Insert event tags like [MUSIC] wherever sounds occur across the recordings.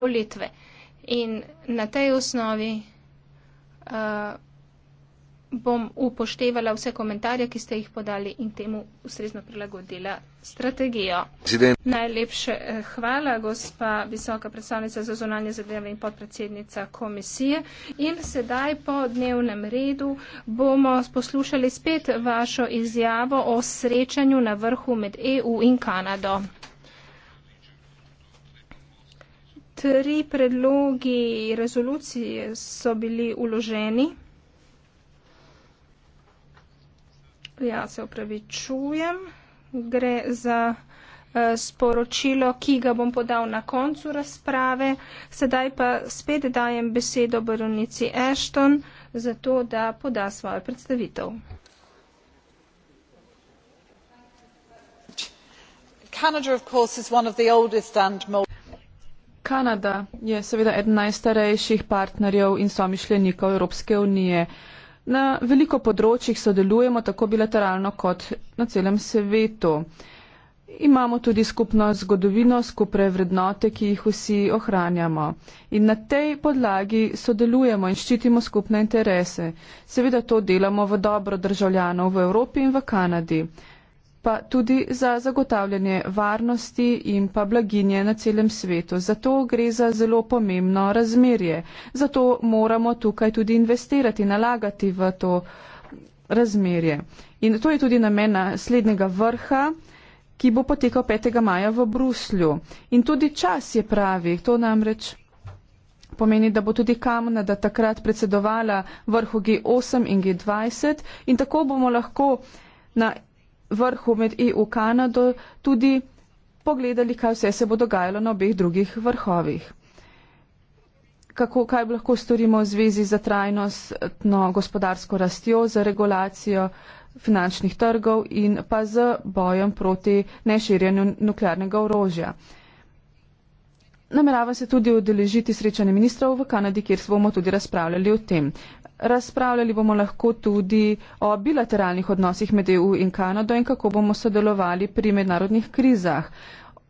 volitve. In na tej osnovi uh, bom upoštevala vse komentarje, ki ste jih podali in temu ustrezno prilagodila strategijo. President. Najlepše eh, hvala, gospa visoka predstavnica za zonanje zadeve in podpredsednica komisije. In sedaj po dnevnem redu bomo poslušali spet vašo izjavo o srečanju na vrhu med EU in Kanado tri predlogi rezolucije so bili uloženi. Ja, se upravičujem. Gre za eh, sporočilo, ki ga bom podal na koncu razprave. Sedaj pa spet dajem besedo baronici Ashton, zato da poda svojo predstavitev. Canada, of course, is one of the oldest and most. Kanada je seveda eden najstarejših partnerjev in somišljenikov Evropske unije. Na veliko področjih sodelujemo tako bilateralno kot na celem svetu. Imamo tudi skupno zgodovino, skupne vrednote, ki jih vsi ohranjamo. In na tej podlagi sodelujemo in ščitimo skupne interese. Seveda to delamo v dobro državljanov v Evropi in v Kanadi pa tudi za zagotavljanje varnosti in pa blaginje na celem svetu. Zato gre za zelo pomembno razmerje. Zato moramo tukaj tudi investirati, nalagati v to razmerje. In to je tudi namen naslednjega vrha ki bo potekal 5. maja v Bruslju. In tudi čas je pravi, to namreč pomeni, da bo tudi Kamna, da takrat predsedovala vrhu G8 in G20 in tako bomo lahko na vrhu med EU in Kanado tudi pogledali, kaj vse se bo dogajalo na obeh drugih vrhovih. Kako, kaj lahko storimo v zvezi za trajnostno gospodarsko rastjo, za regulacijo finančnih trgov in pa z bojem proti neširjenju nuklearnega orožja. Namerava se tudi odeležiti srečanje ministrov v Kanadi, kjer bomo tudi razpravljali o tem. Razpravljali bomo lahko tudi o bilateralnih odnosih med EU in Kanado in kako bomo sodelovali pri mednarodnih krizah.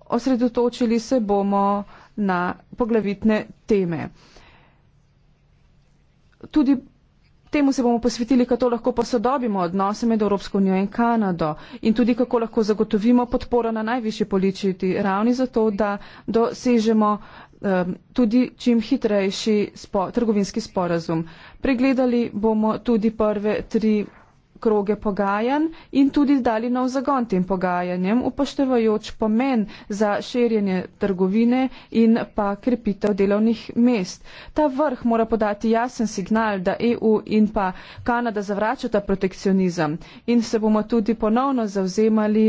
Osredotočili se bomo na poglavitne teme. Tudi temu se bomo posvetili, kako lahko posodobimo odnose med Evropsko unijo in Kanado in tudi kako lahko zagotovimo podporo na najvišji političi ravni za to, da dosežemo Um, tudi čim hitrejši spo, trgovinski sporazum. Pregledali bomo tudi prve tri kroge pogajanj in tudi dali nov zagon tem pogajanjem, upoštevajoč pomen za širjenje trgovine in pa krepitev delovnih mest. Ta vrh mora podati jasen signal, da EU in pa Kanada zavračata protekcionizem in se bomo tudi ponovno zauzemali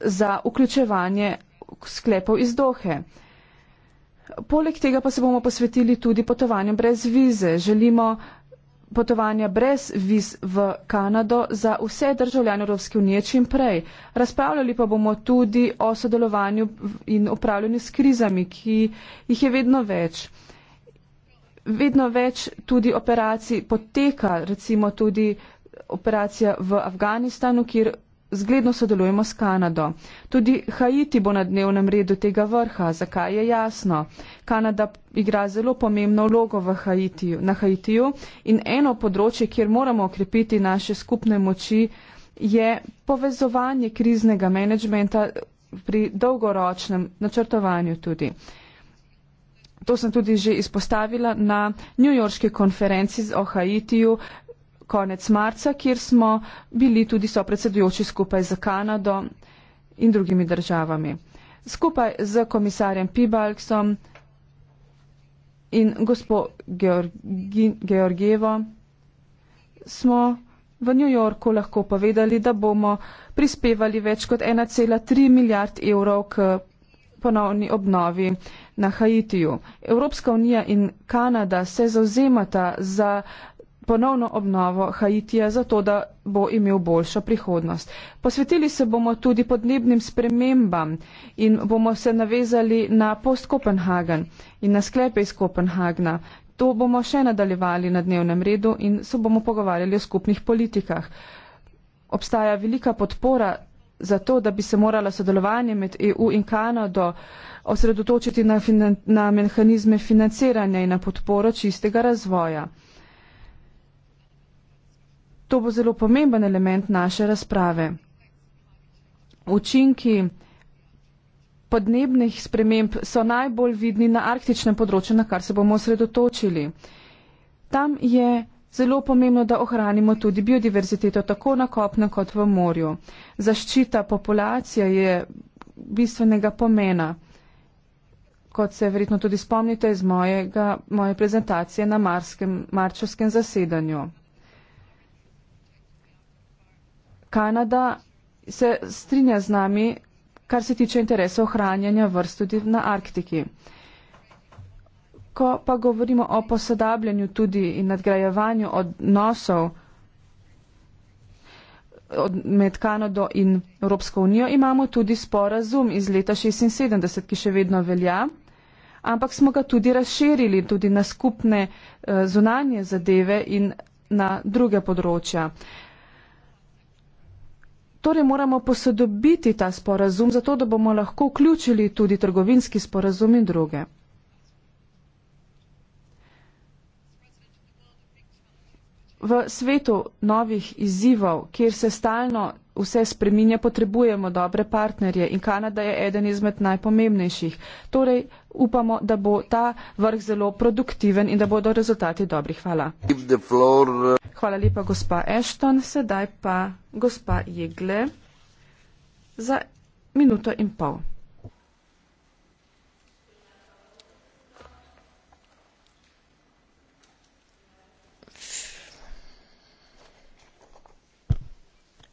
za vključevanje sklepov iz Dohe. Poleg tega pa se bomo posvetili tudi potovanjem brez vize. Želimo potovanja brez viz v Kanado za vse državljane Evropske unije čim prej. Razpravljali pa bomo tudi o sodelovanju in upravljanju s krizami, ki jih je vedno več. Vedno več tudi operacij poteka, recimo tudi operacija v Afganistanu, kjer zgledno sodelujemo s Kanado. Tudi Haiti bo na dnevnem redu tega vrha, zakaj je jasno. Kanada igra zelo pomembno vlogo Haitiju, na Haitiju in eno področje, kjer moramo okrepiti naše skupne moči, je povezovanje kriznega menedžmenta pri dolgoročnem načrtovanju tudi. To sem tudi že izpostavila na New Yorkski konferenci o Haitiju, konec marca, kjer smo bili tudi sopredsedujoči skupaj z Kanado in drugimi državami. Skupaj z komisarjem Pibalksom in gospo Georgijevo smo v New Yorku lahko povedali, da bomo prispevali več kot 1,3 milijard evrov k ponovni obnovi na Haitiju. Evropska unija in Kanada se zauzemata za ponovno obnovo Haitija, zato da bo imel boljšo prihodnost. Posvetili se bomo tudi podnebnim spremembam in bomo se navezali na post-Kopenhagen in na sklepe iz Kopenhagna. To bomo še nadaljevali na dnevnem redu in se bomo pogovarjali o skupnih politikah. Obstaja velika podpora za to, da bi se moralo sodelovanje med EU in Kanado osredotočiti na, finan na mehanizme financiranja in na podporo čistega razvoja. To bo zelo pomemben element naše razprave. Učinki podnebnih sprememb so najbolj vidni na arktičnem področju, na kar se bomo osredotočili. Tam je zelo pomembno, da ohranimo tudi biodiverziteto tako na kopnem kot v morju. Zaščita populacije je bistvenega pomena, kot se verjetno tudi spomnite iz mojega, moje prezentacije na marskem, marčovskem zasedanju. Kanada se strinja z nami, kar se tiče interesov ohranjanja vrst tudi na Arktiki. Ko pa govorimo o posodabljanju tudi in nadgrajevanju odnosov od med Kanado in Evropsko unijo, imamo tudi sporazum iz leta 1976, ki še vedno velja, ampak smo ga tudi razširili tudi na skupne eh, zunanje zadeve in na druge področja. Torej moramo posodobiti ta sporazum, zato da bomo lahko vključili tudi trgovinski sporazum in druge. V svetu novih izzivov, kjer se stalno vse spreminja, potrebujemo dobre partnerje in Kanada je eden izmed najpomembnejših. Torej, upamo, da bo ta vrh zelo produktiven in da bodo rezultati dobri. Hvala. Uh, Hvala lepa, gospa Ashton. Sedaj pa gospa Jegle za minuto in pol.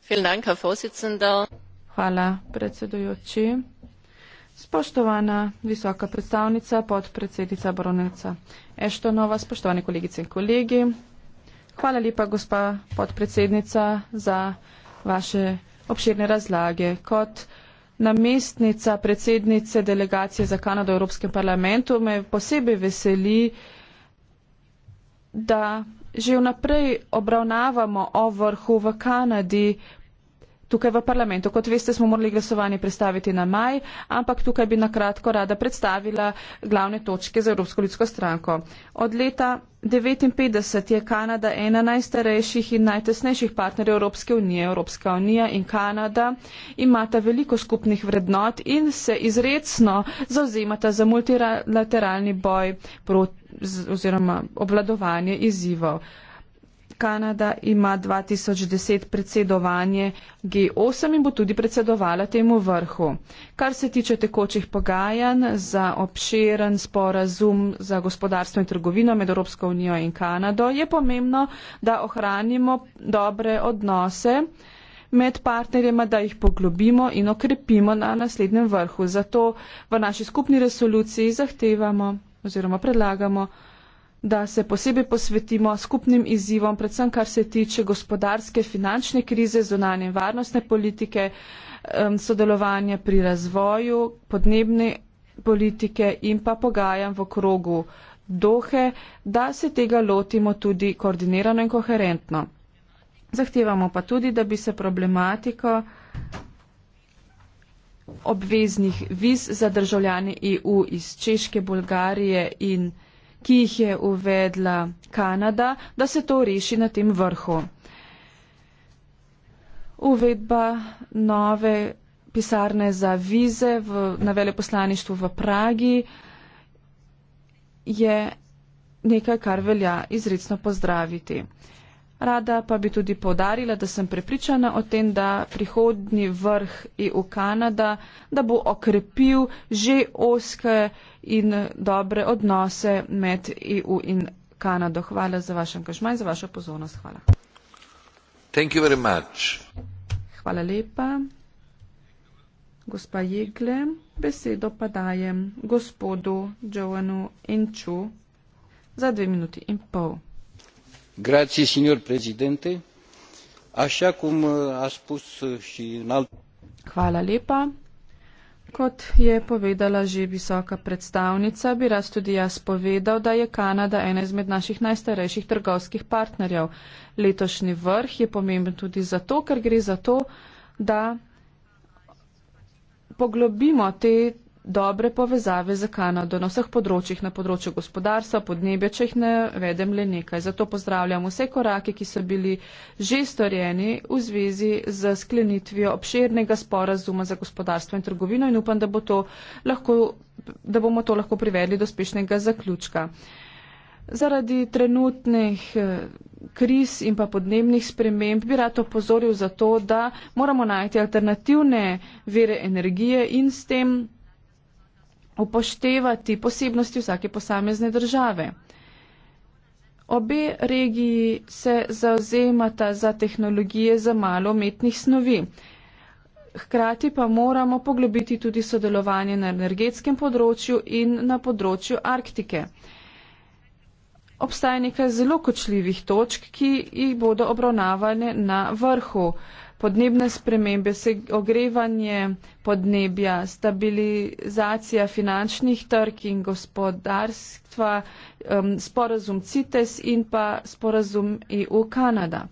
Hvala, predsedujoči. Spoštovana visoka predstavnica, podpredsednica baronica Eštonova, spoštovani kolegice in kolegi. Hvala lepa, gospa podpredsednica, za vaše obširne razlage. Kot namestnica predsednice delegacije za Kanado v Evropskem parlamentu me posebej veseli, da že vnaprej obravnavamo o vrhu v Kanadi Tukaj v parlamentu, kot veste, smo morali glasovanje predstaviti na maj, ampak tukaj bi nakratko rada predstavila glavne točke za Evropsko ljudsko stranko. Od leta 1959 je Kanada ena najstarejših in najtesnejših partnerjev Evropske unije. Evropska unija in Kanada imata veliko skupnih vrednot in se izredno zauzemata za multilateralni boj proti, oziroma obvladovanje izzivov. Kanada ima 2010 predsedovanje G8 in bo tudi predsedovala temu vrhu. Kar se tiče tekočih pogajanj za obširen sporazum za gospodarstvo in trgovino med Evropsko unijo in Kanado, je pomembno, da ohranimo dobre odnose med partnerjema, da jih poglobimo in okrepimo na naslednjem vrhu. Zato v naši skupni resoluciji zahtevamo oziroma predlagamo, da se posebej posvetimo skupnim izzivom, predvsem kar se tiče gospodarske, finančne krize, zunanje varnostne politike, sodelovanja pri razvoju, podnebne politike in pa pogajanj v krogu dohe, da se tega lotimo tudi koordinirano in koherentno. Zahtevamo pa tudi, da bi se problematiko obveznih viz za državljane EU iz Češke, Bolgarije in Hrvatske ki jih je uvedla Kanada, da se to reši na tem vrhu. Uvedba nove pisarne za vize v, na veleposlaništvu v Pragi je nekaj, kar velja izredno pozdraviti. Rada pa bi tudi povdarila, da sem prepričana o tem, da prihodni vrh EU Kanada, da bo okrepil že oske in dobre odnose med EU in Kanado. Hvala za vaš angažma in za vašo pozornost. Hvala. Hvala lepa. Gospa Jegle, besedo pa dajem gospodu Joanu Enču za dve minuti in pol. Uh, uh, Hvala lepa. Kot je povedala že visoka predstavnica, bi raz tudi jaz povedal, da je Kanada ena izmed naših najstarejših trgovskih partnerjev. Letošnji vrh je pomemben tudi zato, ker gre za to, da poglobimo te dobre povezave za Kanado na vseh področjih, na področju gospodarstva, podnebja, če jih ne vedem le nekaj. Zato pozdravljam vse korake, ki so bili že storjeni v zvezi z sklenitvijo obširnega sporazuma za gospodarstvo in trgovino in upam, da, bo to lahko, da bomo to lahko privedli do uspešnega zaključka. Zaradi trenutnih eh, kriz in pa podnebnih sprememb bi rad opozoril za to, da moramo najti alternativne vere energije in s tem upoštevati posebnosti vsake posamezne države. Obe regiji se zauzemata za tehnologije za malo umetnih snovi. Hkrati pa moramo poglobiti tudi sodelovanje na energetskem področju in na področju Arktike. Obstaja nekaj zelo kočljivih točk, ki jih bodo obravnavane na vrhu podnebne spremembe, ogrevanje podnebja, stabilizacija finančnih trg in gospodarstva, um, sporazum CITES in pa sporazum EU-Kanada.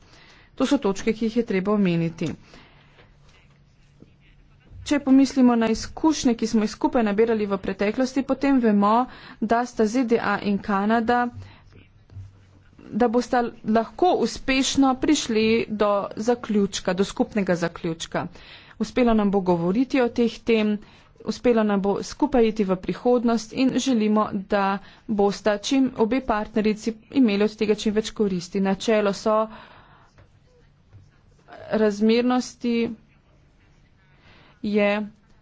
To so točke, ki jih je treba omeniti. Če pomislimo na izkušnje, ki smo jih skupaj nabirali v preteklosti, potem vemo, da sta ZDA in Kanada da boste lahko uspešno prišli do zaključka, do skupnega zaključka. Uspelo nam bo govoriti o teh tem, uspelo nam bo skupaj iti v prihodnost in želimo, da boste čim obe partnerici imeli od tega čim več koristi. Načelo so razmernosti je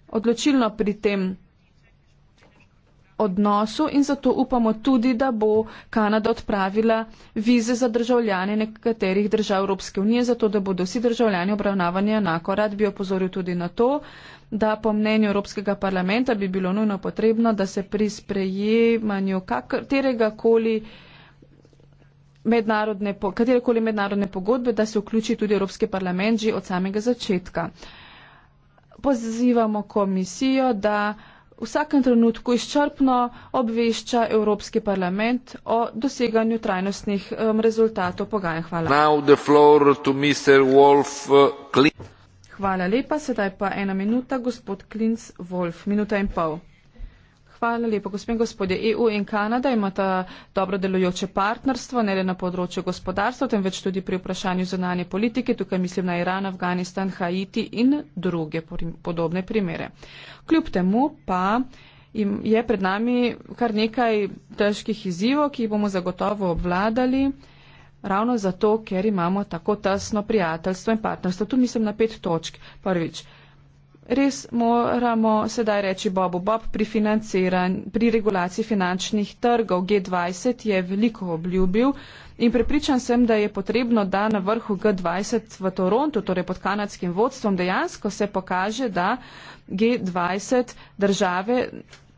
odločilno pri tem, odnosu in zato upamo tudi, da bo Kanada odpravila vize za državljane nekaterih držav Evropske unije, zato da bodo vsi državljani obravnavani enako. Rad bi opozoril tudi na to, da po mnenju Evropskega parlamenta bi bilo nujno potrebno, da se pri sprejemanju kateregakoli mednarodne, katerekoli mednarodne pogodbe, da se vključi tudi Evropski parlament že od samega začetka. Pozivamo komisijo, da v vsakem trenutku izčrpno obvešča Evropski parlament o doseganju trajnostnih um, rezultatov pogajanj. Hvala. Wolf, uh, Hvala lepa, sedaj pa ena minuta, gospod Klinc Wolf, minuta in pol. Hvala lepo, gospod in gospodje. EU in Kanada imata dobro delujoče partnerstvo, ne le na področju gospodarstva, temveč tudi pri vprašanju zunanje politike. Tukaj mislim na Iran, Afganistan, Haiti in druge podobne primere. Kljub temu pa je pred nami kar nekaj težkih izzivov, ki jih bomo zagotovo obvladali. Ravno zato, ker imamo tako tesno prijateljstvo in partnerstvo. Tu mislim na pet točk. Prvič, res moramo sedaj reči Bobu Bob pri financiranju, pri regulaciji finančnih trgov. G20 je veliko obljubil in prepričan sem, da je potrebno, da na vrhu G20 v Torontu, torej pod kanadskim vodstvom, dejansko se pokaže, da G20 države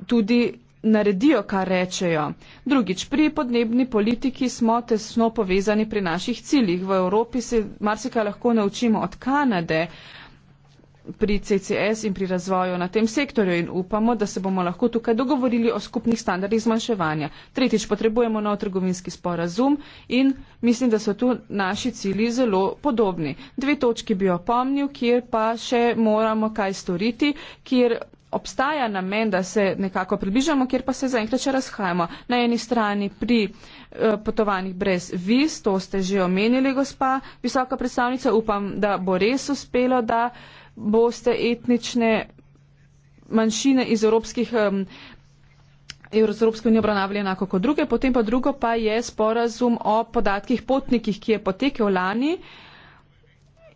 tudi naredijo, kar rečejo. Drugič, pri podnebni politiki smo tesno povezani pri naših ciljih. V Evropi se marsikaj lahko naučimo od Kanade pri CCS in pri razvoju na tem sektorju in upamo, da se bomo lahko tukaj dogovorili o skupnih standardih zmanjševanja. Tretjič, potrebujemo nov trgovinski sporazum in mislim, da so tu naši cilji zelo podobni. Dve točki bi opomnil, kjer pa še moramo kaj storiti, kjer obstaja namen, da se nekako približamo, kjer pa se zaenkrat še razhajamo. Na eni strani pri eh, potovanjih brez viz, to ste že omenili, gospa visoka predstavnica, upam, da bo res uspelo, da boste etnične manjšine iz evropskih. Um, Evropske unije obravnavali enako kot druge, potem pa drugo pa je sporazum o podatkih potnikih, ki je potekel lani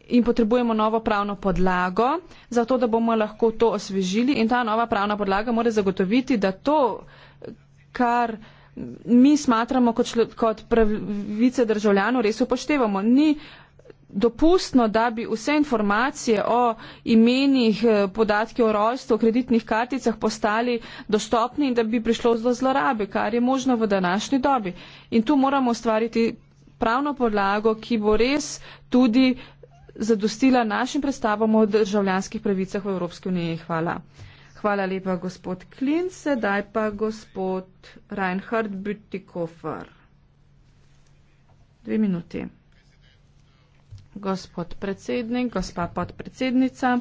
in potrebujemo novo pravno podlago, zato da bomo lahko to osvežili in ta nova pravna podlaga mora zagotoviti, da to, kar mi smatramo kot, šlo, kot pravice državljanov, res upoštevamo. Ni dopustno, da bi vse informacije o imenih, eh, podatki o rojstvu, o kreditnih karticah postali dostopni in da bi prišlo do zlorabe, kar je možno v današnji dobi. In tu moramo ustvariti pravno podlago, ki bo res tudi zadostila našim predstavom o državljanskih pravicah v Evropski uniji. Hvala. Hvala lepa, gospod Klinc, sedaj pa gospod Reinhard Bütikofer. Dve minuti gospod predsednik, gospa podpredsednica.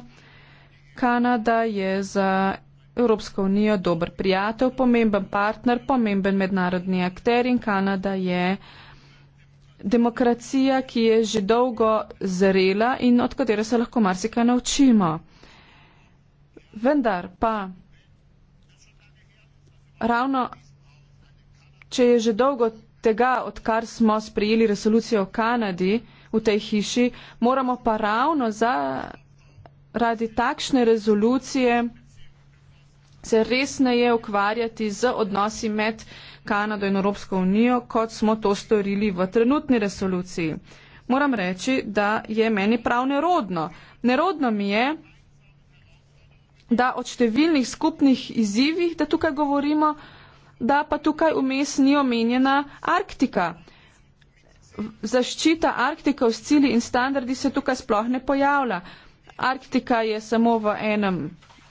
Kanada je za Evropsko unijo dober prijatelj, pomemben partner, pomemben mednarodni akter in Kanada je demokracija, ki je že dolgo zrela in od katere se lahko marsika naučimo. Vendar pa ravno, če je že dolgo tega, odkar smo sprejeli resolucijo o Kanadi, v tej hiši, moramo pa ravno zaradi takšne rezolucije se resneje ukvarjati z odnosi med Kanado in Evropsko unijo, kot smo to storili v trenutni resoluciji. Moram reči, da je meni prav nerodno. Nerodno mi je, da od številnih skupnih izzivih, da tukaj govorimo, da pa tukaj vmes ni omenjena Arktika zaščita Arktike s cili in standardi se tukaj sploh ne pojavlja. Arktika je samo v enem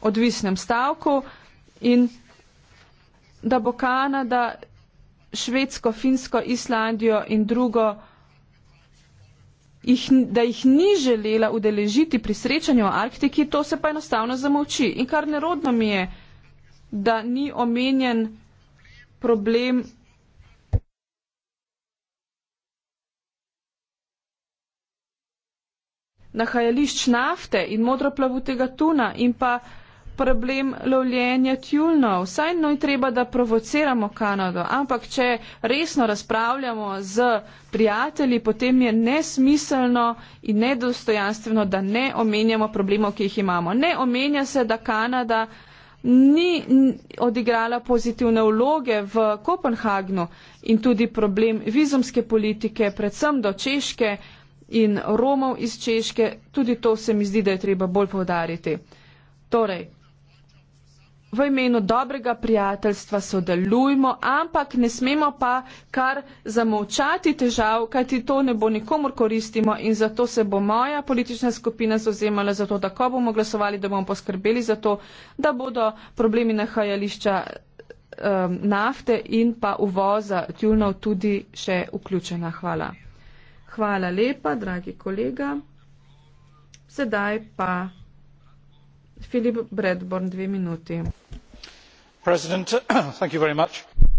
odvisnem stavku in da bo Kanada, Švedsko, Finsko, Islandijo in drugo, jih, da jih ni želela udeležiti pri srečanju v Arktiki, to se pa enostavno zamolči. In kar nerodno mi je, da ni omenjen problem nahajališč nafte in modroplavutega tuna in pa problem lovljenja tjulnov. Saj no je treba, da provociramo Kanado, ampak če resno razpravljamo z prijatelji, potem je nesmiselno in nedostojanstveno, da ne omenjamo problemov, ki jih imamo. Ne omenja se, da Kanada ni odigrala pozitivne vloge v Kopenhagnu in tudi problem vizumske politike, predvsem do Češke, in Romov iz Češke, tudi to se mi zdi, da je treba bolj povdariti. Torej, v imenu dobrega prijateljstva sodelujmo, ampak ne smemo pa kar zamovčati težav, kajti to ne bo nikomor koristimo in zato se bo moja politična skupina zauzemala za to, da ko bomo glasovali, da bomo poskrbeli za to, da bodo problemi nahajališča um, nafte in pa uvoza tjulnov tudi še vključena. Hvala. Hvala lepa, dragi kolega. Sedaj pa Filip Bradborn, dve minuti. [CLEARS THROAT]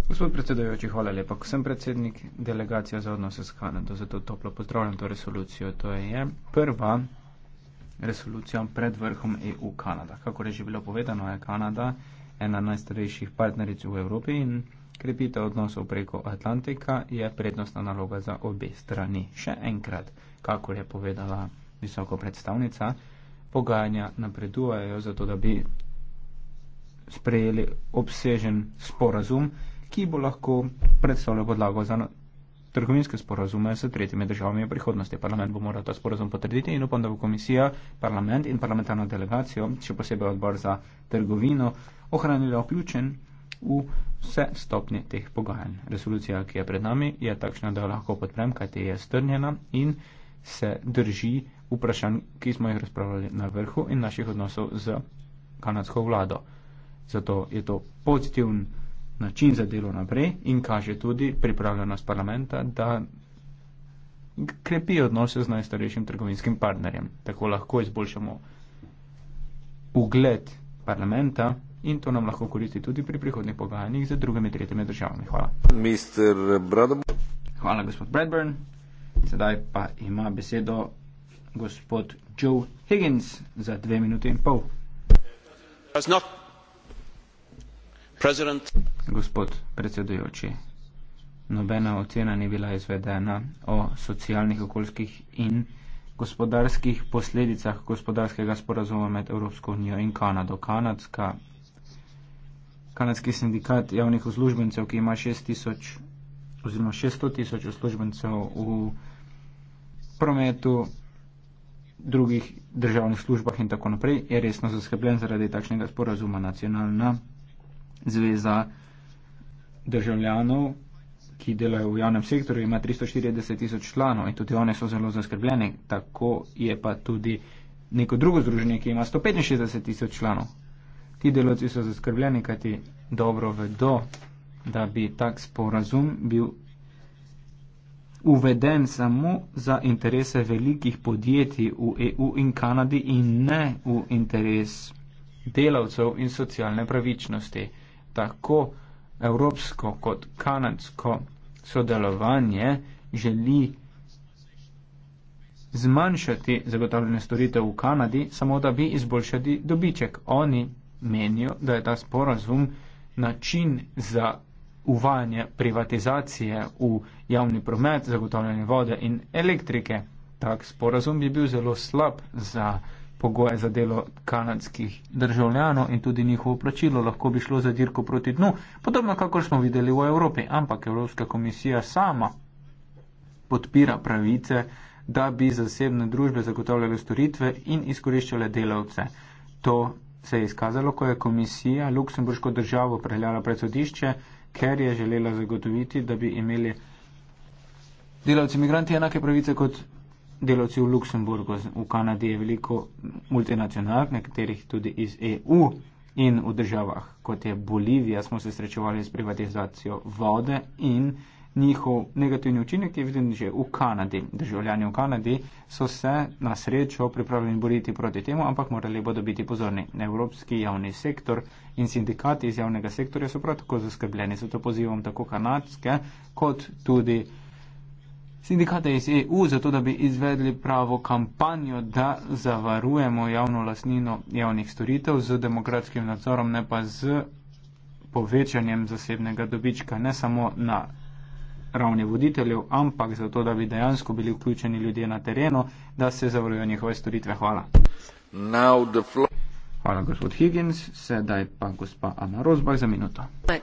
Gospod predsedujoči, hvala lepa. Ko sem predsednik delegacije za odnose s Kanado, zato toplo pozdravljam to resolucijo. To je prva resolucija pred vrhom EU-Kanada. Kako je že bilo povedano, je Kanada ena najstarejših partneric v Evropi in Krepitev odnosov preko Atlantika je prednostna naloga za obe strani. Še enkrat, kako je povedala visoko predstavnica, pogajanja napredujejo zato, da bi sprejeli obsežen sporazum, ki bo lahko predstavljal podlago za trgovinske sporazume s tretjimi državami v prihodnosti. Parlament bo moral ta sporazum potrditi in upam, da bo komisija, parlament in parlamentarno delegacijo, še posebej odbor za trgovino, ohranila vključen v vse stopnje teh pogajanj. Resolucija, ki je pred nami, je takšna, da jo lahko podprem, kajte je strnjena in se drži vprašanj, ki smo jih razpravljali na vrhu in naših odnosov z kanadsko vlado. Zato je to pozitiven način za delo naprej in kaže tudi pripravljenost parlamenta, da krepi odnose z najstarejšim trgovinskim partnerjem. Tako lahko izboljšamo ugled parlamenta in to nam lahko koristi tudi pri prihodnih pogajanjih z drugimi tretjimi državami. Hvala. Hvala, gospod Bradburn. Sedaj pa ima besedo gospod Joe Higgins za dve minute in pol. President. Gospod predsedujoči, nobena ocena ni bila izvedena o socialnih, okoljskih in gospodarskih posledicah gospodarskega sporazuma med Evropsko unijo in Kanado. Kanadska kanadski sindikat javnih uslužbencev, ki ima 6000 oziroma 600 tisoč uslužbencev v prometu, drugih državnih službah in tako naprej, je resno zaskrbljen zaradi takšnega sporazuma nacionalna zveza državljanov, ki delajo v javnem sektorju, ima 340 tisoč članov in tudi one so zelo zaskrbljene. Tako je pa tudi neko drugo združenje, ki ima 165 tisoč članov, Ti delovci so zaskrbljeni, kajti dobro vedo, da bi tak sporazum bil uveden samo za interese velikih podjetij v EU in Kanadi in ne v interes delavcev in socialne pravičnosti. Tako evropsko kot kanadsko sodelovanje želi zmanjšati zagotavljanje storitev v Kanadi, samo da bi izboljšali dobiček. Oni menijo, da je ta sporazum način za uvajanje privatizacije v javni promet, zagotavljanje vode in elektrike. Tak sporazum bi bil zelo slab za pogoje za delo kanadskih državljanov in tudi njihovo plačilo lahko bi šlo za dirko proti dnu, podobno kakor smo videli v Evropi, ampak Evropska komisija sama podpira pravice, da bi zasebne družbe zagotavljale storitve in izkoriščale delavce. To se je izkazalo, ko je komisija Luksemburško državo prehljala pred sodišče, ker je želela zagotoviti, da bi imeli delavci imigranti enake pravice kot delavci v Luksemburgu. V Kanadi je veliko multinacionalk, nekaterih tudi iz EU in v državah, kot je Bolivija, smo se srečevali s privatizacijo vode in njihov negativni učinek je viden že v Kanadi. Državljani v Kanadi so se na srečo pripravljeni boriti proti temu, ampak morali bodo biti pozorni. Evropski javni sektor in sindikati iz javnega sektorja so prav tako zaskrbljeni. Zato pozivam tako kanadske kot tudi sindikate iz EU, zato da bi izvedli pravo kampanjo, da zavarujemo javno lasnino javnih storitev z demokratskim nadzorom, ne pa z povečanjem zasebnega dobička ne samo na ravni voditeljev, ampak zato, da bi dejansko bili vključeni ljudje na terenu, da se zavrujo njihove storitve. Hvala. Hvala, gospod Higgins. Sedaj pa gospa Ana Rozbah za minuto. Hvala.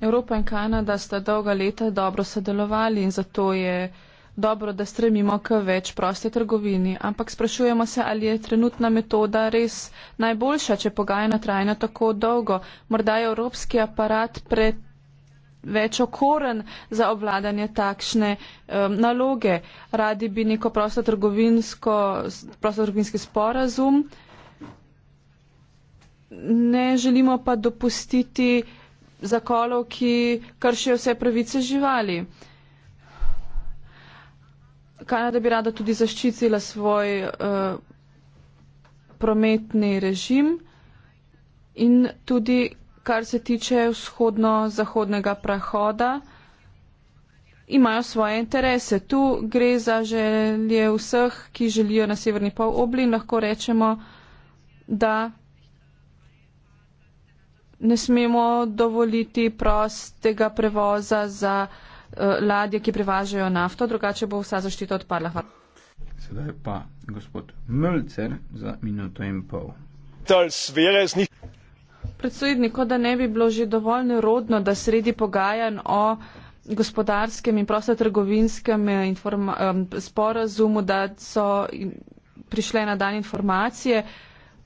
Evropa in Kanada sta dolga leta dobro sodelovali in zato je dobro, da stremimo k več proste trgovini, ampak sprašujemo se, ali je trenutna metoda res najboljša, če pogajanja trajajo tako dolgo. Morda je evropski aparat preveč okoren za obvladanje takšne um, naloge. Radi bi neko prostotrgovinski sporazum. Ne želimo pa dopustiti zakolov, ki kršijo vse pravice živali. Uh, Kanada bi rada tudi zaščitila svoj uh, prometni režim in tudi, kar se tiče vzhodno-zahodnega prahoda, imajo svoje interese. Tu gre za želje vseh, ki želijo na severni polobli in lahko rečemo, da ne smemo dovoliti prostega prevoza za. Eh, ladje, ki prevažajo nafto, drugače bo vsa zaščita odpadla. Hvala. Sedaj pa gospod Mölcer za minuto in pol. Predsednik, kot da ne bi bilo že dovolj nerodno, da sredi pogajanj o gospodarskem in prostotrgovinskem eh, eh, sporazumu, da so prišle na dan informacije,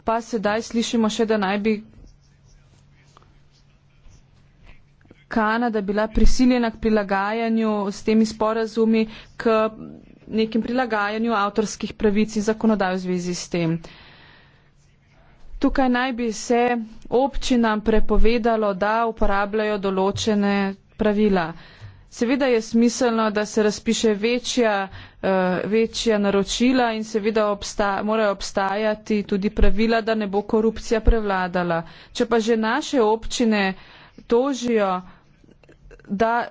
pa sedaj slišimo še, da naj bi Kanada bila prisiljena k prilagajanju s temi sporazumi, k nekem prilagajanju avtorskih pravic in zakonodaj v zvezi s tem. Tukaj naj bi se občinam prepovedalo, da uporabljajo določene pravila. Seveda je smiselno, da se razpiše večja, uh, večja naročila in seveda obsta morajo obstajati tudi pravila, da ne bo korupcija prevladala. Če pa že naše občine tožijo, da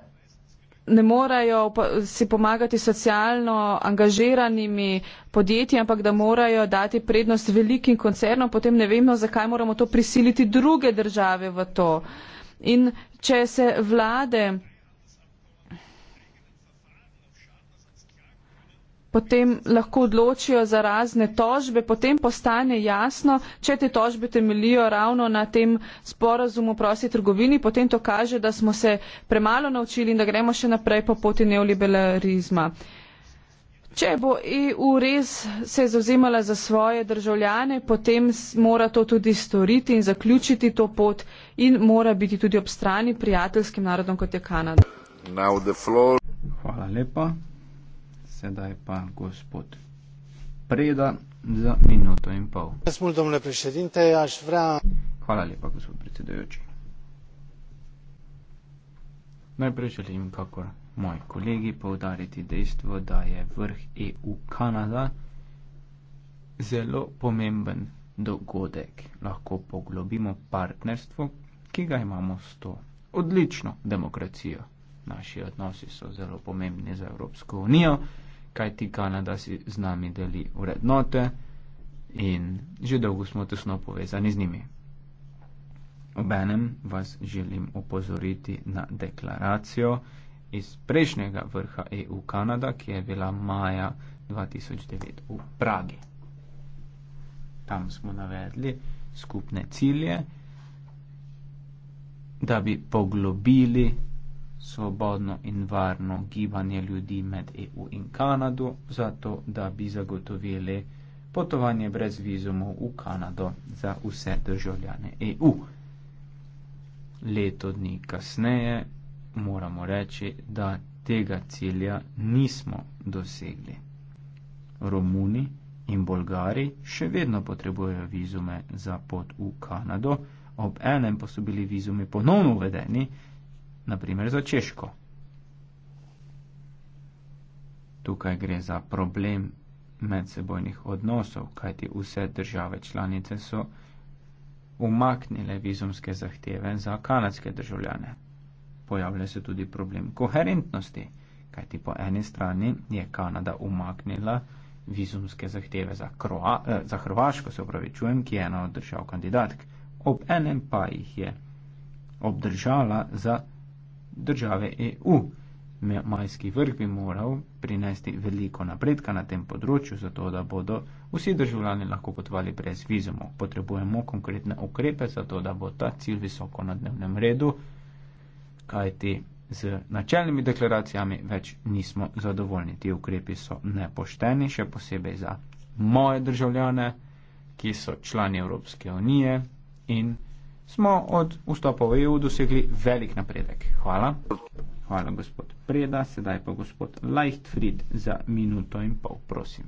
ne morajo si pomagati socialno angažiranimi podjetji, ampak da morajo dati prednost velikim koncernom, potem ne vemo, zakaj moramo to prisiliti druge države v to. In če se vlade potem lahko odločijo za razne tožbe, potem postane jasno, če te tožbe temelijo ravno na tem sporazumu o prosti trgovini, potem to kaže, da smo se premalo naučili in da gremo še naprej po poti neoliberalizma. Če bo EU res se zauzemala za svoje državljane, potem mora to tudi storiti in zaključiti to pot in mora biti tudi ob strani prijateljskim narodom, kot je Kanada. Hvala lepa. Sedaj pa gospod Preda za minuto in pol. Hvala lepa, gospod predsedujoči. Najprej želim, kakor moji kolegi, povdariti dejstvo, da je vrh EU Kanada zelo pomemben dogodek. Lahko poglobimo partnerstvo, ki ga imamo s to odlično demokracijo. Naši odnosi so zelo pomembni za Evropsko unijo kaj ti Kanada si z nami deli vrednote in že dolgo smo tesno povezani z njimi. Obenem vas želim opozoriti na deklaracijo iz prejšnjega vrha EU Kanada, ki je bila maja 2009 v Pragi. Tam smo navedli skupne cilje, da bi poglobili svobodno in varno gibanje ljudi med EU in Kanado, zato da bi zagotovili potovanje brez vizumov v Kanado za vse državljane EU. Leto dni kasneje moramo reči, da tega cilja nismo dosegli. Romuni in Bolgari še vedno potrebujejo vizume za pot v Kanado, ob enem pa so bili vizumi ponovno uvedeni, naprimer za češko. Tukaj gre za problem medsebojnih odnosov, kajti vse države članice so umaknile vizumske zahteve za kanadske državljane. Pojavlja se tudi problem koherentnosti, kajti po eni strani je Kanada umaknila vizumske zahteve za, Kroa, eh, za Hrvaško, se upravičujem, ki je ena od držav kandidatk, ob enem pa jih je obdržala za države EU. Majski vrh bi moral prinesti veliko napredka na tem področju, zato da bodo vsi državljani lahko potovali brez vizumov. Potrebujemo konkretne ukrepe, zato da bo ta cilj visoko na dnevnem redu, kajti z načelnimi deklaracijami več nismo zadovoljni. Ti ukrepi so nepošteni, še posebej za moje državljane, ki so člani Evropske unije in smo od vstopa v EU dosegli velik napredek. Hvala. Hvala, gospod Preda. Sedaj pa gospod Leichtfried za minuto in pol, prosim.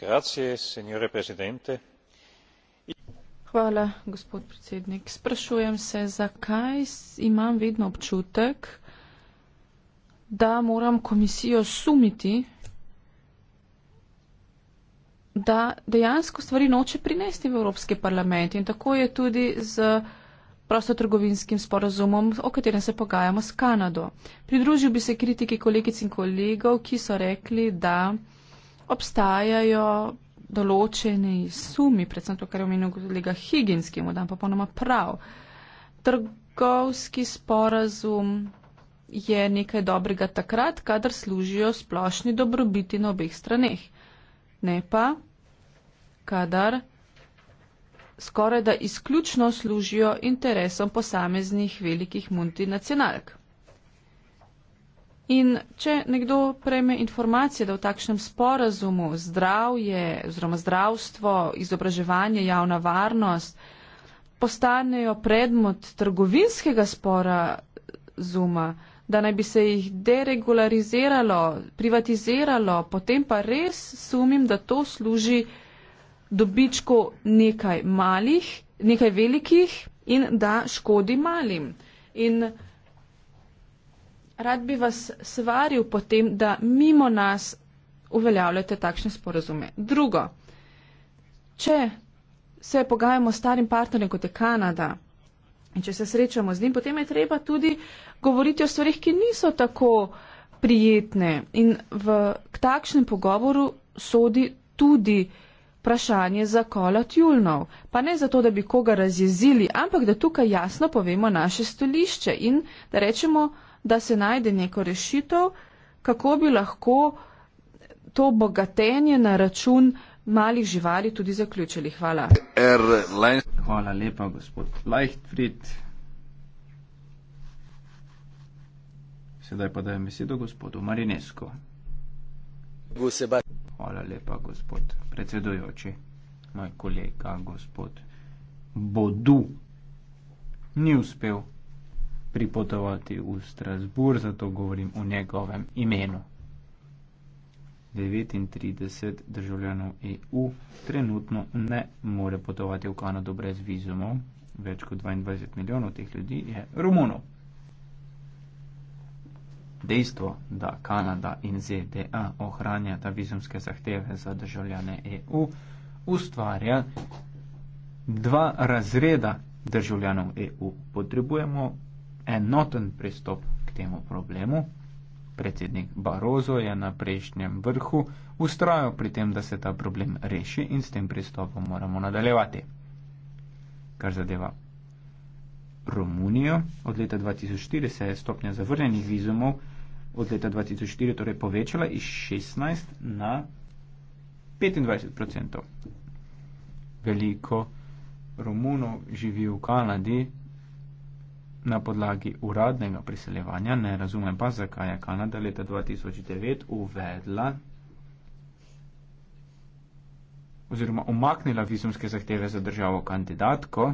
Grazie, Hvala, gospod predsednik. Sprašujem se, zakaj imam vedno občutek, da moram komisijo sumiti, da dejansko stvari noče prinesti v Evropski parlament. In tako je tudi z prostotrgovinskim sporazumom, o katerem se pogajamo s Kanado. Pridružil bi se kritiki kolegic in kolegov, ki so rekli, da obstajajo določeni sumi, predvsem to, kar je omenil kolega Higginski, mu dam popolnoma prav. Trgovski sporazum je nekaj dobrega takrat, kadar služijo splošni dobrobiti na obeh straneh ne pa, kadar skoraj da izključno služijo interesom posameznih velikih multinacionalk. In če nekdo prejme informacije, da v takšnem sporazumu zdravje oziroma zdravstvo, izobraževanje, javna varnost postanejo predmet trgovinskega sporazuma, da naj bi se jih deregulariziralo, privatiziralo, potem pa res sumim, da to služi dobičku nekaj malih, nekaj velikih in da škodi malim. In rad bi vas svaril potem, da mimo nas uveljavljate takšne sporazume. Drugo, če se pogajamo s starim partnerjem, kot je Kanada, in če se srečamo z njim, potem je treba tudi uh, govoriti o stvarih, ki niso tako prijetne. In v takšnem pogovoru sodi tudi vprašanje za kola tjulnov. Pa ne zato, da bi koga razjezili, ampak da tukaj jasno povemo naše stolišče in da rečemo, da se najde neko rešitev, kako bi lahko to bogatenje na račun malih živali tudi zaključili. Hvala. Hvala lepa, gospod Leichtfried. Sedaj pa dajem besedo gospodu Marinesku. Hvala lepa, gospod predsedujoči, moj kolega, gospod Bodu. Ni uspel pripotovati v Strasbourg, zato govorim o njegovem imenu. 39 državljanov EU trenutno ne more potovati v Kanado brez vizumov. Več kot 22 milijonov teh ljudi je Romunov. Dejstvo, da Kanada in ZDA ohranjata vizumske zahteve za državljane EU, ustvarja dva razreda državljanov EU. Potrebujemo enoten pristop k temu problemu. Predsednik Barozo je na prejšnjem vrhu ustrajal pri tem, da se ta problem reši in s tem pristopom moramo nadaljevati. Kar zadeva Romunijo. Od leta 2004 se je stopnja zavrnjenih vizumov od leta 2004 torej povečala iz 16 na 25 odstotkov. Veliko Romunov živi v Kanadi na podlagi uradnega priseljevanja, ne razumem pa, zakaj je Kanada leta 2009 uvedla oziroma omaknila vizumske zahteve za državo kandidatko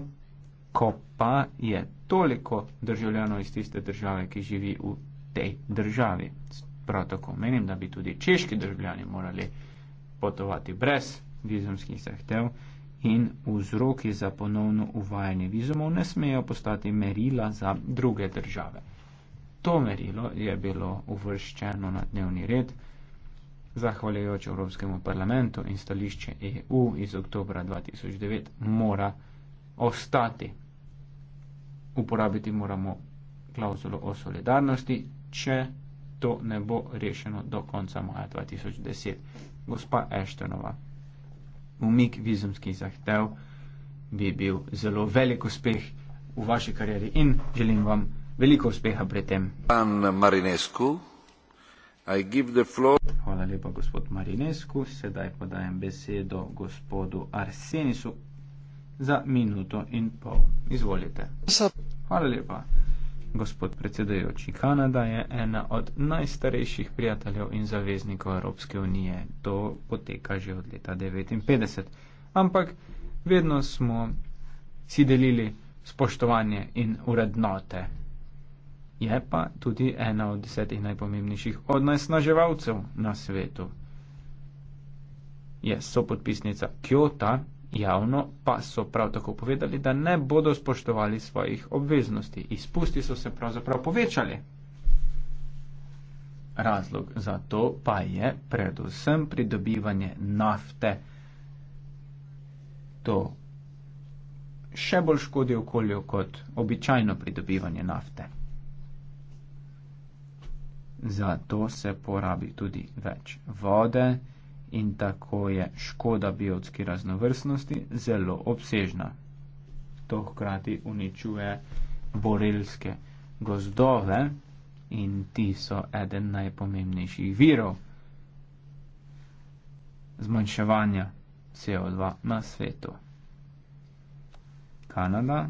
ko pa je toliko državljanov iz tiste države, ki živi v tej državi. Prav tako menim, da bi tudi češki državljani morali potovati brez vizumskih zahtev in vzroki za ponovno uvajanje vizumov ne smejo postati merila za druge države. To merilo je bilo uvrščeno na dnevni red, zahvaljujoč Evropskemu parlamentu in stališče EU iz oktobra 2009 mora ostati uporabiti moramo klauzulo o solidarnosti, če to ne bo rešeno do konca maja 2010. Gospa Eštenova, umik vizumskih zahtev bi bil zelo velik uspeh v vaši karieri in želim vam veliko uspeha pri tem. Hvala lepa, gospod Marinescu. Sedaj podajem besedo gospodu Arsenisu za minuto in pol. Izvolite. Sad. Hvala lepa. Gospod predsedajoči, Kanada je ena od najstarejših prijateljev in zaveznikov Evropske unije. To poteka že od leta 1959. Ampak vedno smo si delili spoštovanje in urednote. Je pa tudi ena od desetih najpomembnejših odnesnaževalcev na svetu. Je sopodpisnica Kjota, Javno pa so prav tako povedali, da ne bodo spoštovali svojih obveznosti. Izpusti so se pravzaprav povečali. Razlog za to pa je predvsem pridobivanje nafte. To še bolj škodi okolju kot običajno pridobivanje nafte. Zato se porabi tudi več vode in tako je škoda biotski raznovrstnosti zelo obsežna. To hkrati uničuje borelske gozdove in ti so eden najpomembnejših virov zmanjševanja CO2 na svetu. Kanada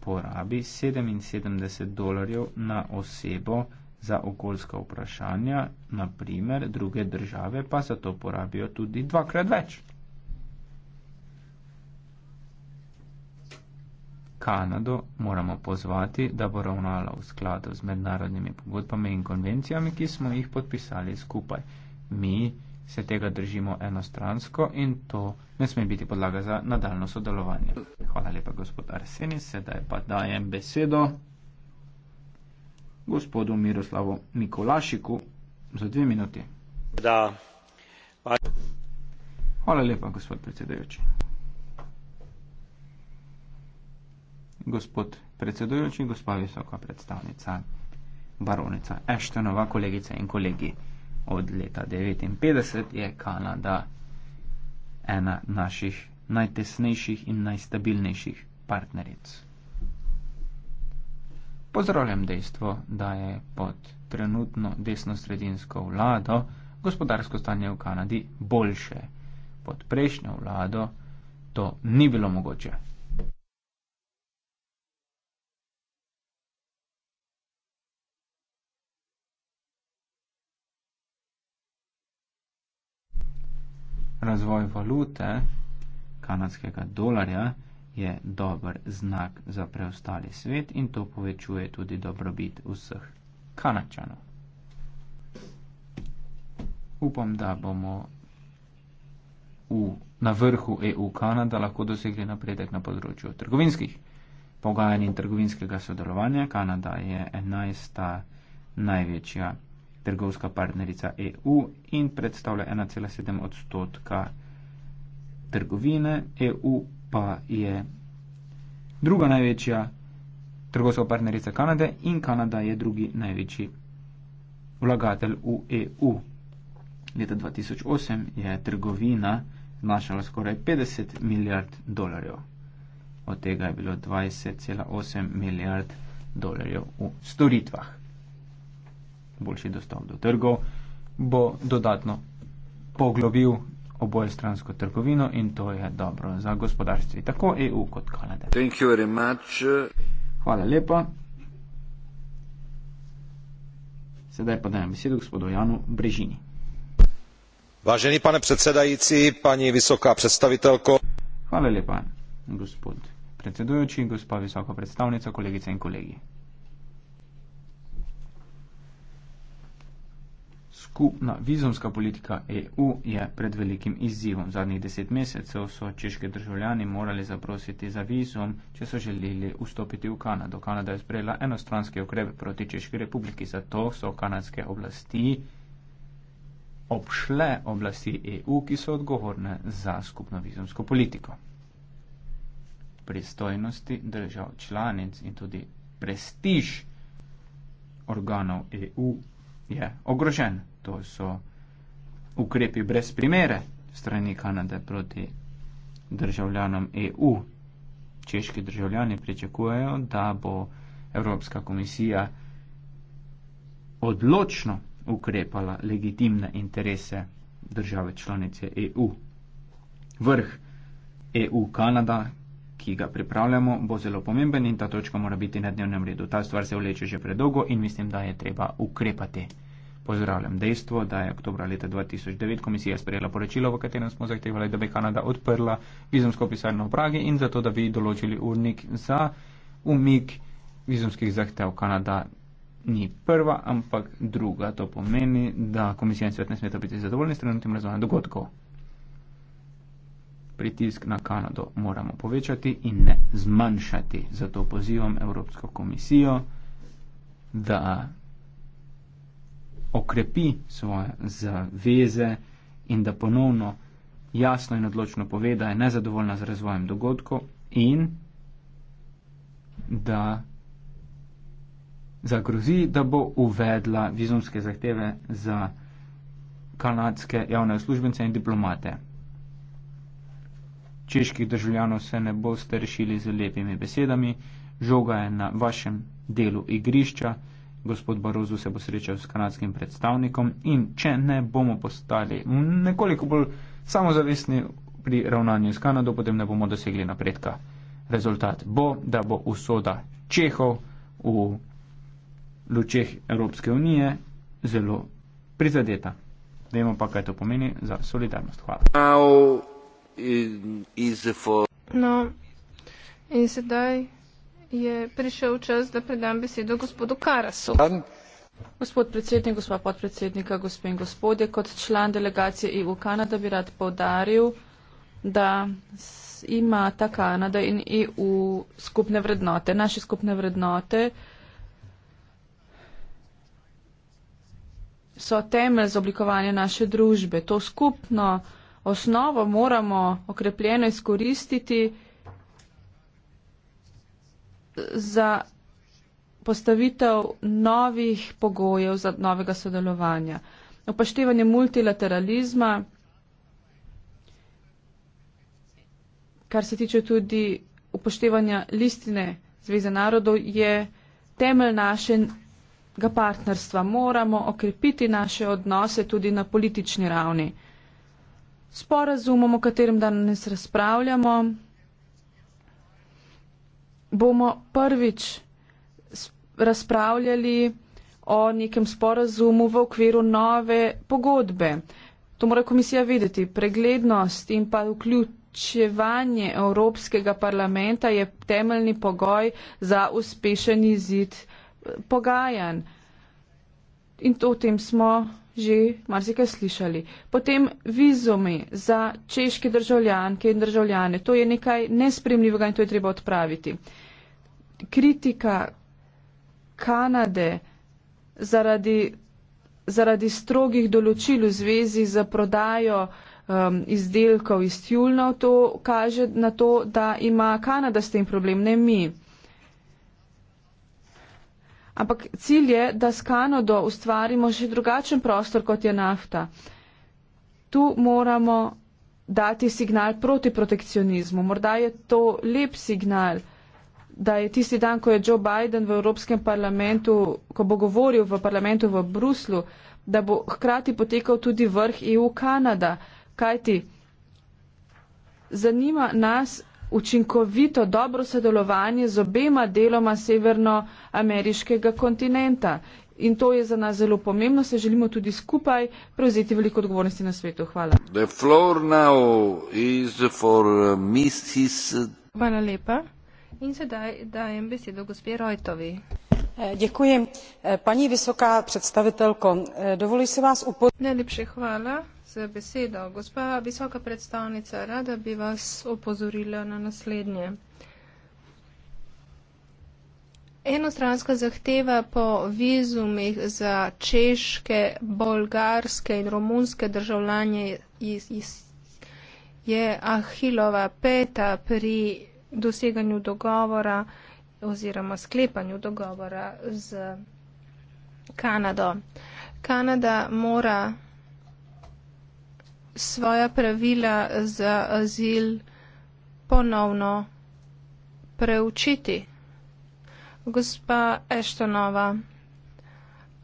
porabi 77 dolarjev na osebo, za okoljska vprašanja, naprimer druge države pa za to porabijo tudi dvakrat več. Kanado moramo pozvati, da bo ravnala v skladu z mednarodnimi pogodbami in konvencijami, ki smo jih podpisali skupaj. Mi se tega držimo enostransko in to ne sme biti podlaga za nadaljno sodelovanje. Hvala lepa, gospod Arseni, sedaj pa dajem besedo gospodu Miroslavu Mikolašiku za dve minuti. Da. Pa... Hvala lepa, gospod predsedujoči. Gospod predsedujoči, gospa visoka predstavnica, baronica Eštenova, kolegice in kolegi, od leta 1959 je Kanada ena naših najtesnejših in najstabilnejših partneric pozdravljam dejstvo, da je pod trenutno desno-sredinsko vlado gospodarsko stanje v Kanadi boljše. Pod prejšnjo vlado to ni bilo mogoče. Razvoj valute kanadskega dolarja je dober znak za preostali svet in to povečuje tudi dobrobit vseh kanačanov. Upam, da bomo v, na vrhu EU Kanada lahko dosegli napredek na področju trgovinskih pogajanj in trgovinskega sodelovanja. Kanada je enajsta največja trgovska partnerica EU in predstavlja 1,7 odstotka trgovine EU pa je druga največja trgovska partnerica Kanade in Kanada je drugi največji vlagatelj v EU. Leta 2008 je trgovina znašala skoraj 50 milijard dolarjev. Od tega je bilo 20,8 milijard dolarjev v storitvah. Boljši dostop do trgov bo dodatno poglobil obojstransko trgovino in to je dobro za gospodarstvo, tako EU kot Kanada. Hvala lepa. Sedaj pa dajem besedo gospodu Janu Brežini. Vážený pane predsedajúci, pani vysoká predstaviteľko. Hvala lepa, gospod predsedujúci, gospod vysoká predstavnica, kolegice in kolegi. Skupna vizumska politika EU je pred velikim izzivom. Zadnjih deset mesecev so češki državljani morali zaprositi za vizum, če so želeli vstopiti v Kanado. Kanada je sprejela enostranske ukrepe proti Češki republiki, zato so kanadske oblasti obšle oblasti EU, ki so odgovorne za skupno vizumsko politiko. Pristojnosti držav članic in tudi prestiž organov EU je ogrožen to so ukrepi brez primere strani Kanade proti državljanom EU. Češki državljani pričakujejo, da bo Evropska komisija odločno ukrepala legitimne interese države članice EU. Vrh EU-Kanada, ki ga pripravljamo, bo zelo pomemben in ta točka mora biti na dnevnem redu. Ta stvar se vleče že predolgo in mislim, da je treba ukrepati pozdravljam dejstvo, da je oktobra leta 2009 komisija sprejela poročilo, v katerem smo zahtevali, da bi Kanada odprla vizumsko pisarno v Pragi in zato, da bi določili urnik za umik vizumskih zahtev. Kanada ni prva, ampak druga. To pomeni, da komisija in svet ne smeta biti zadovoljni s trenutnim razvojem dogodkov. Pritisk na Kanado moramo povečati in ne zmanjšati. Zato pozivam Evropsko komisijo, da okrepi svoje zaveze in da ponovno jasno in odločno pove, da je nezadovoljna z razvojem dogodkov in da zagrozi, da bo uvedla vizumske zahteve za kanadske javne službence in diplomate. Čeških državljanov se ne boste rešili z lepimi besedami, žoga je na vašem delu igrišča gospod Barozu se bo srečal s kanadskim predstavnikom in če ne bomo postali nekoliko bolj samozavestni pri ravnanju s Kanado, potem ne bomo dosegli napredka. Rezultat bo, da bo usoda Čehov v lučeh Evropske unije zelo prizadeta. Vemo pa, kaj to pomeni za solidarnost. Hvala. No. In sedaj je prišel čas, da predam besedo gospodu Karasu. Gospod predsednik, gospa podpredsednika, gospe in gospodje, kot član delegacije EU Kanada bi rad povdaril, da ima ta Kanada in EU skupne vrednote, naše skupne vrednote. so temelj za oblikovanje naše družbe. To skupno osnovo moramo okrepljeno izkoristiti, za postavitev novih pogojev za novega sodelovanja. Upoštevanje multilateralizma, kar se tiče tudi upoštevanja listine Zveze narodov, je temelj našega partnerstva. Moramo okrepiti naše odnose tudi na politični ravni. Sporazumom, o katerem danes razpravljamo, bomo prvič razpravljali o nekem sporazumu v okviru nove pogodbe. To mora komisija videti. Preglednost in pa vključevanje Evropskega parlamenta je temeljni pogoj za uspešen izid eh, pogajanj. In to o tem smo že marsikaj slišali. Potem vizumi za češke državljanke in državljane. To je nekaj nespremljivega in to je treba odpraviti kritika Kanade zaradi, zaradi strogih določil v zvezi z prodajo um, izdelkov iz tjulnov, to kaže na to, da ima Kanada s tem problem, ne mi. Ampak cilj je, da s Kanado ustvarimo še drugačen prostor, kot je nafta. Tu moramo dati signal proti protekcionizmu. Morda je to lep signal da je tisti dan, ko je Joe Biden v Evropskem parlamentu, ko bo govoril v parlamentu v Bruslu, da bo hkrati potekal tudi vrh EU-Kanada. Kaj ti zanima nas učinkovito, dobro sodelovanje z obema deloma severnoameriškega kontinenta. In to je za nas zelo pomembno, se želimo tudi skupaj prevzeti veliko odgovornosti na svetu. Hvala. Uh, Hvala lepa. In sedaj dajem besedo gospe Rojtovi. Eh, děkuji. Eh, paní vysoká představitelko, eh, dovoluji se vás upozornit. Nejlepší chvála za besedo. Gospa vysoká představnice, rada by vás upozorila na naslednje. Enostranska zahteva po vizumih za češke, bolgarske in romunske državljanje iz, iz, je Ahilova peta pri doseganju dogovora oziroma sklepanju dogovora z Kanado. Kanada mora svoja pravila za azil ponovno preučiti. Gospa Eštonova.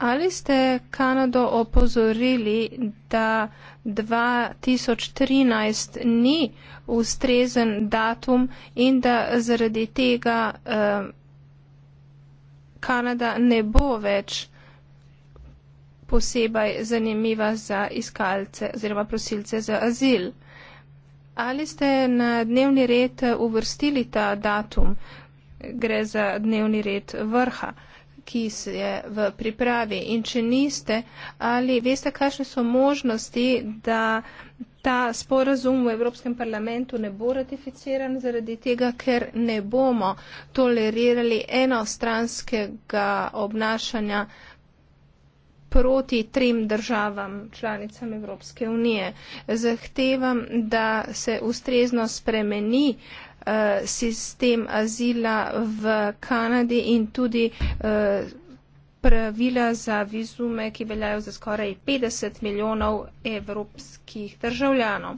Ali ste Kanado opozorili, da 2013 ni ustrezen datum in da zaradi tega eh, Kanada ne bo več posebej zanimiva za iskalce oziroma prosilce za azil? Ali ste na dnevni red uvrstili ta datum? Gre za dnevni red vrha ki se je v pripravi. In če niste, ali veste, kakšne so možnosti, da ta sporazum v Evropskem parlamentu ne bo ratificiran zaradi tega, ker ne bomo tolerirali enostranskega obnašanja proti trem državam, članicam Evropske unije. Zahtevam, da se ustrezno spremeni uh, Eh, sistem azila v Kanadi in tudi eh, pravila za vizume, ki veljajo za skoraj 50 milijonov evropskih državljanov.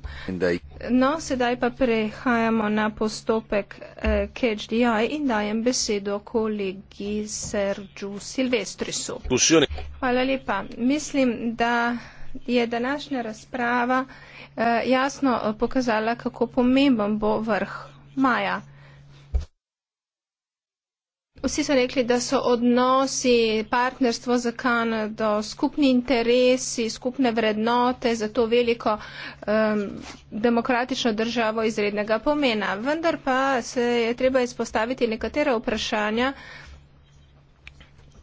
No, sedaj pa prehajamo na postopek eh, CHDI in dajem besedo kolegi Sergiu Silvestrisu. Hvala lepa. Mislim, da je današnja razprava eh, jasno eh, pokazala, kako pomemben bo vrh Maja. Vsi so rekli, da so odnosi, partnerstvo za Kanado, skupni interesi, skupne vrednote za to veliko um, demokratično državo izrednega pomena. Vendar pa se je treba izpostaviti nekatera vprašanja,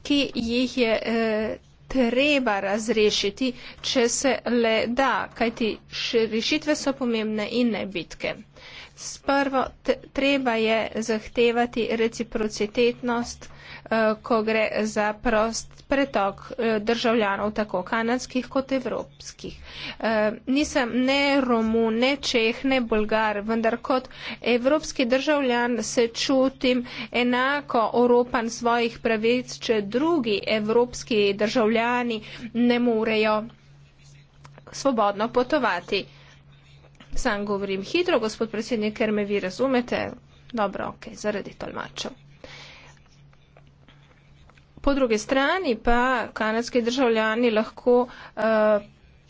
ki jih je eh, treba razrešiti, če se le da, kajti rešitve so pomembne in ne bitke. Sprvo treba je zahtevati reciprocitetnost, eh, ko gre za prost pretok eh, državljanov, tako kanadskih kot evropskih. Eh, nisem ne Romu, ne Čeh, ne Bolgar, vendar kot evropski državljan se čutim enako oropan svojih pravic, če drugi evropski državljani ne morejo svobodno potovati. Sam govorim hitro, gospod predsednik, ker me vi razumete. Dobro, ok, zaradi tolmačev. Po druge strani pa kanadski državljani lahko uh,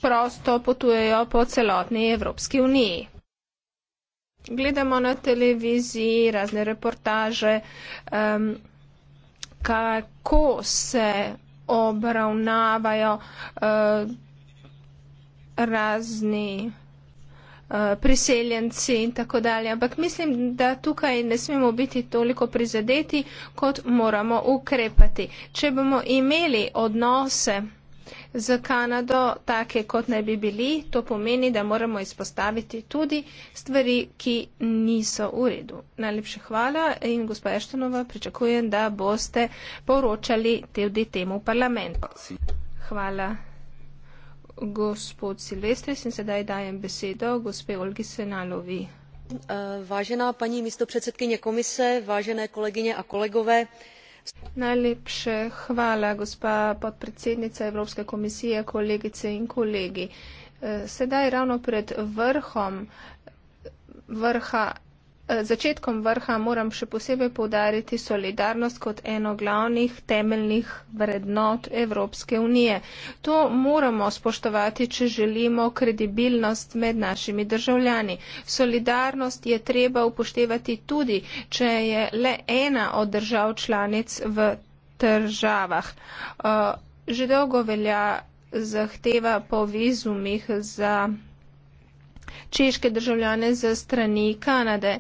prosto potujejo po celotni Evropski uniji. Gledamo na televiziji razne reportaže, um, kako se obravnavajo uh, razni Eh, priseljenci in tako dalje. Ampak mislim, da tukaj ne smemo biti toliko prizadeti, kot moramo ukrepati. Če bomo imeli odnose z Kanado take, kot ne bi bili, to pomeni, da moramo izpostaviti tudi stvari, ki niso v redu. Najlepše hvala in gospod Eštonova, pričakujem, da boste poročali tudi temu parlamentu. Hvala gospod Silvestris in sedaj dajem besedo gospe Olgi Senalovi. Eh, vážená paní místopředsedkyně komise, vážené kolegyně a kolegové. Najlepše hvala, gospa podpredsednica Evropske komisije, kolegice in kolegi. Eh, sedaj ravno pred vrhom vrha Eh, začetkom vrha moram še posebej povdariti solidarnost kot eno glavnih temeljnih vrednot Evropske unije. To moramo spoštovati, če želimo kredibilnost med našimi državljani. Solidarnost je treba upoštevati tudi, če je le ena od držav članic v državah. Eh, že dolgo velja zahteva po vizumih za češke državljane ze strani Kanade.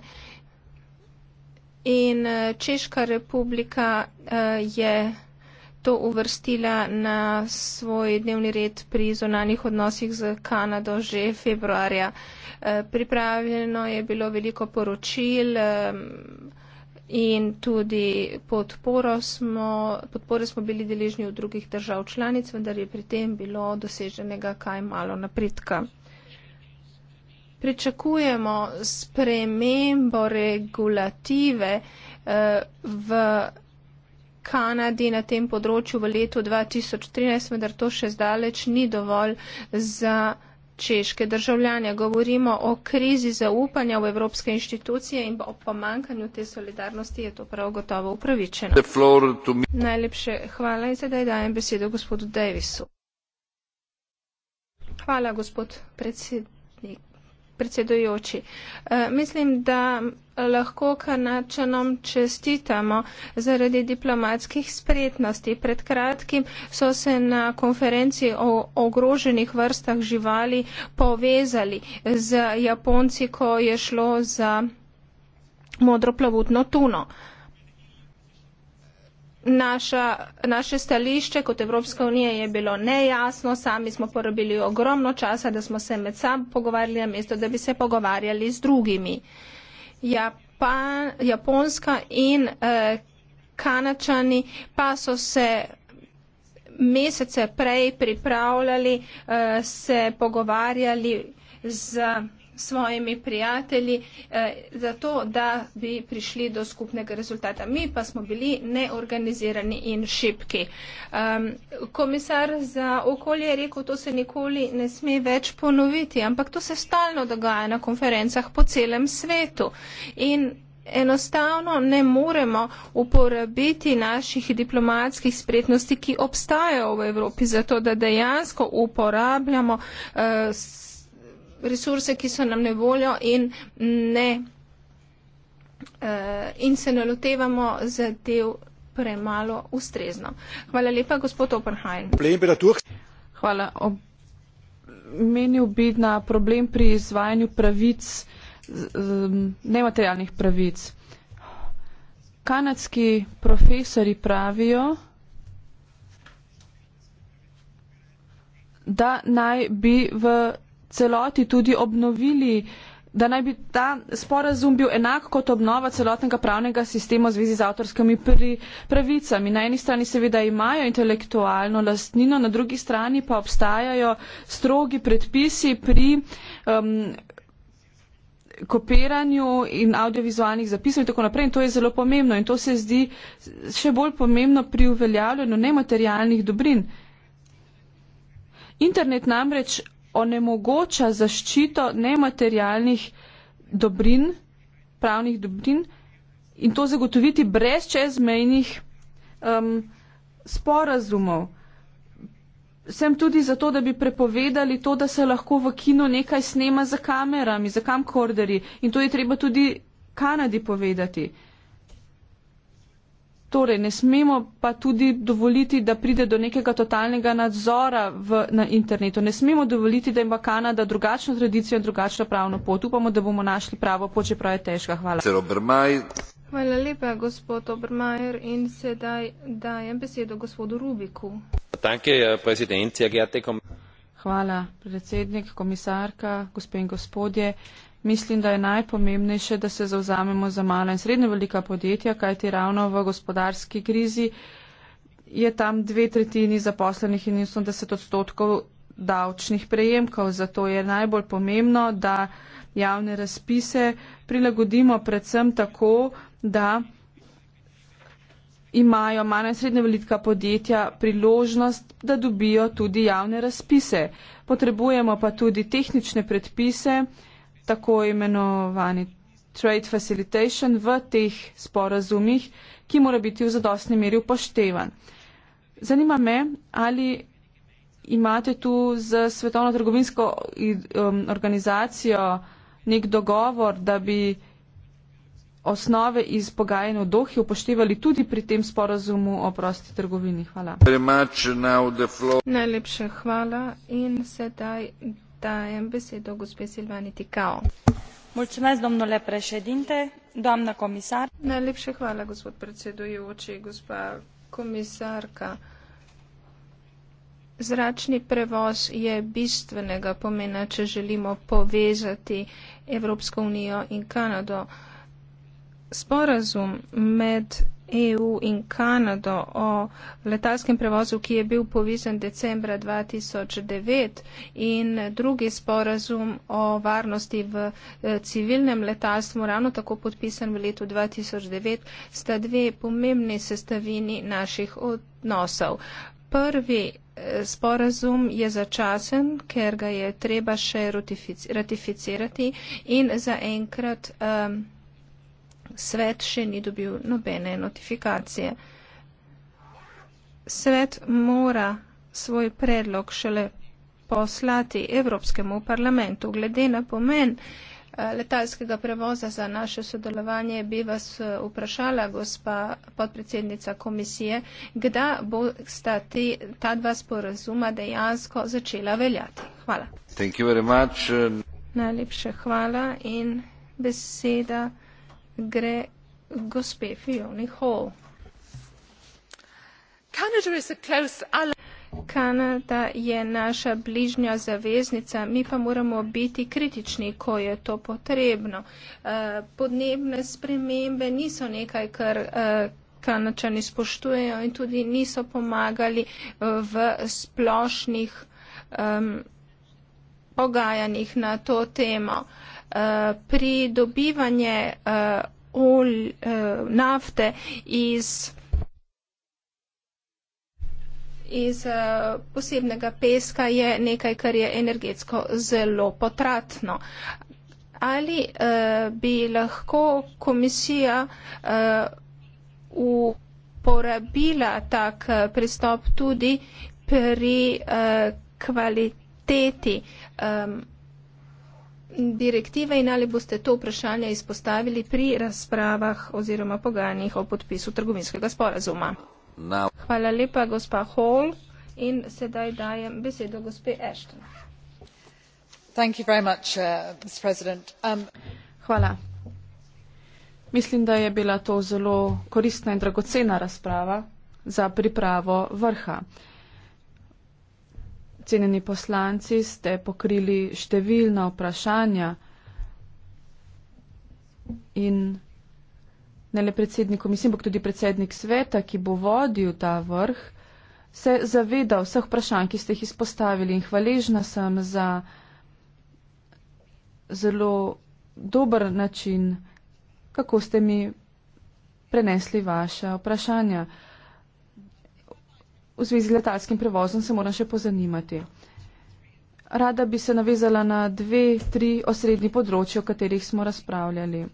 In eh, Češka republika eh, je to uvrstila na svoj dnevni red pri zonanih odnosih z Kanado že februarja. Eh, pripravljeno je bilo veliko poročil in tudi podporo smo, podpore smo bili deležni v drugih držav članic, vendar je pri tem bilo doseženega kaj malo napredka pričakujemo spremembo regulative eh, v Kanadi na tem področju v letu 2013, vendar to še zdaleč ni dovolj za češke državljanja. Govorimo o krizi zaupanja v evropske inštitucije in o pomankanju te solidarnosti je to prav gotovo upravičeno. Najlepše hvala in sedaj dajem besedo gospodu Davisu. Hvala, gospod predsednik predsedujoči. Eh, mislim, da lahko kanačanom čestitamo zaradi diplomatskih spretnosti. Pred kratkim so se na konferenci o ogroženih vrstah živali povezali z Japonci, ko je šlo za modroplavutno tuno. Naša, naše stališče kot Evropska unija je bilo nejasno, sami smo porabili ogromno časa, da smo se med sam pogovarjali, namesto da bi se pogovarjali z drugimi. Japan, Japonska in eh, Kanačani pa so se mesece prej pripravljali, eh, se pogovarjali z. Eh, svojimi prijatelji, eh, zato da bi prišli do skupnega rezultata. Mi pa smo bili neorganizirani in šipki. Komisar za okolje je rekel, to se nikoli ne sme več ponoviti, ampak to se stalno dogaja na konferencah po celem svetu. In Enostavno ne moremo uporabiti naših diplomatskih spretnosti, ki obstajajo v Evropi, zato da dejansko uporabljamo uh, resurse, ki so nam ne voljo in, ne, uh, in se ne lotevamo zadev premalo ustrezno. Hvala lepa, gospod Oppenheim. Hvala. Menil bi na problem pri izvajanju pravic, nematerialnih pravic. Kanadski profesori pravijo, da naj bi v celoti tudi obnovili, da naj bi ta sporazum bil enak kot obnova celotnega pravnega sistema v zvezi z avtorskimi pravicami. Na eni strani seveda imajo intelektualno lastnino, na drugi strani pa obstajajo strogi predpisi pri. Um, kopiranju in audiovizualnih zapisov in tako naprej. In to je zelo pomembno in to se zdi še bolj pomembno pri uveljavljanju nematerialnih dobrin. Internet namreč onemogoča zaščito nematerialnih dobrin, pravnih dobrin in to zagotoviti brez čezmejnih um, sporazumov. Sem tudi zato, da bi prepovedali to, da se lahko v kino nekaj snema za kamerami, za kamkorderi in to je treba tudi Kanadi povedati. Uh, Torej, ne smemo pa tudi dovoliti, da pride do nekega totalnega nadzora v, na internetu. Ne smemo dovoliti, da ima Kanada drugačno tradicijo in drugačno pravno pot. Upamo, da bomo našli pravo pot, čeprav je težka. Hvala. Hvala lepa, gospod Obermajer. In sedaj dajem besedo gospodu Rubiku. Hvala, predsednik, komisarka, gospe in gospodje. Mislim, da je najpomembnejše, da se zauzamemo za mala in srednje velika podjetja, kajti ravno v gospodarski krizi je tam dve tretjini zaposlenih in 80 odstotkov davčnih prejemkov. Zato je najbolj pomembno, da javne razpise prilagodimo predvsem tako, da imajo mala in srednje velika podjetja priložnost, da dobijo tudi javne razpise. Potrebujemo pa tudi tehnične predpise, tako imenovani trade facilitation v teh sporazumih, ki mora biti v zadostni meri upoštevan. Zanima me, ali imate tu z Svetovno trgovinsko um, organizacijo nek dogovor, da bi osnove iz pogajanja v Dohi upoštevali tudi pri tem sporazumu o prosti trgovini. Hvala. Najlepša hvala in sedaj Mulțumesc, domnule președinte, doamnă comisar. Najlepša hvala, gospod predsedujoči, gospa komisarka. Zračni prevoz je bistvenega pomena, če želimo povezati Evropsko unijo in Kanado. Sporazum med EU in Kanado o letalskem prevozu, ki je bil povezan decembra 2009 in drugi sporazum o varnosti v eh, civilnem letalstvu, ravno tako podpisan v letu 2009, sta dve pomembni sestavini naših odnosov. Prvi eh, sporazum je začasen, ker ga je treba še ratificirati in zaenkrat. Um, svet še ni dobil nobene notifikacije. Svet mora svoj predlog šele poslati Evropskemu parlamentu. Glede na pomen eh, letalskega prevoza za naše sodelovanje bi vas eh, vprašala, gospa podpredsednica komisije, kdaj bo sta ti, ta dva sporazuma dejansko začela veljati. Hvala. Eh. Najlepše hvala in beseda gre gospe Fioni Hall. Canada, is a close ally. Kanada je naša bližnja zaveznica, mi pa moramo biti kritični, ko je to potrebno. Eh, podnebne spremembe niso nekaj, kar eh, kanačani spoštujejo in tudi niso pomagali eh, v splošnih um, pogajanjih na to temo. Uh, Eh, pridobivanje eh, olj, eh, nafte iz iz posebnega peska je nekaj, kar je energetsko zelo potratno. Ali eh, bi lahko komisija eh, uporabila tak pristop tudi pri eh, kvaliteti eh, direktive in ali boste to vprašanje izpostavili pri razpravah oziroma pogajanjih o podpisu trgovinskega sporazuma. Now. Hvala lepa, gospa Hall. In sedaj dajem besedo gospe Ashton. Thank you very much, uh, Mr. Um, Hvala. Mislim, da je bila to zelo koristna in dragocena razprava za pripravo vrha. Uh, cenjeni poslanci, ste pokrili številna vprašanja in ne le predsednik komisije, ampak tudi predsednik sveta, ki bo vodil ta vrh, se zaveda vseh vprašanj, ki ste jih izpostavili in hvaležna sem za zelo dober način, kako ste mi prenesli vaše vprašanja. V zvezi z letalskim prevozom se moram še pozanimati. Rada bi se navezala na dve, tri osrednji področje, o katerih smo razpravljali.